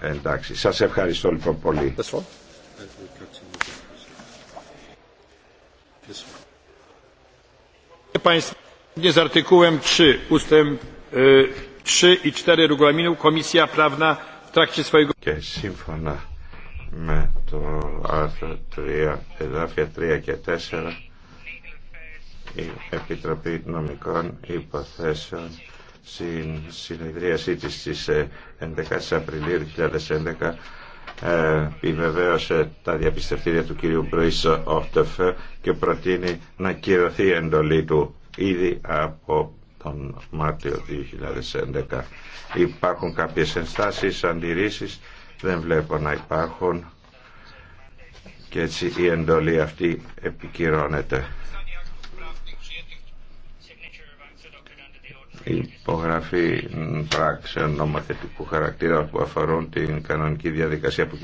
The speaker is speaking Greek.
Εντάξει, σας ευχαριστώ λοιπόν πολύ. E, και σύμφωνα με το άρθρο 3, εδάφια 3 και 4, η Επιτροπή Νομικών Υποθέσεων στην συνεδρίασή της στις 11 ε, Απριλίου 2011 ε, επιβεβαίωσε τα διαπιστευτήρια του κυρίου Μπρουίς και προτείνει να κυρωθεί η εντολή του ήδη από τον Μάρτιο 2011. Υπάρχουν κάποιες ενστάσεις, αντιρρήσεις, δεν βλέπω να υπάρχουν και έτσι η εντολή αυτή επικυρώνεται υπογραφή πράξεων νομοθετικού χαρακτήρα που αφορούν την κανονική διαδικασία που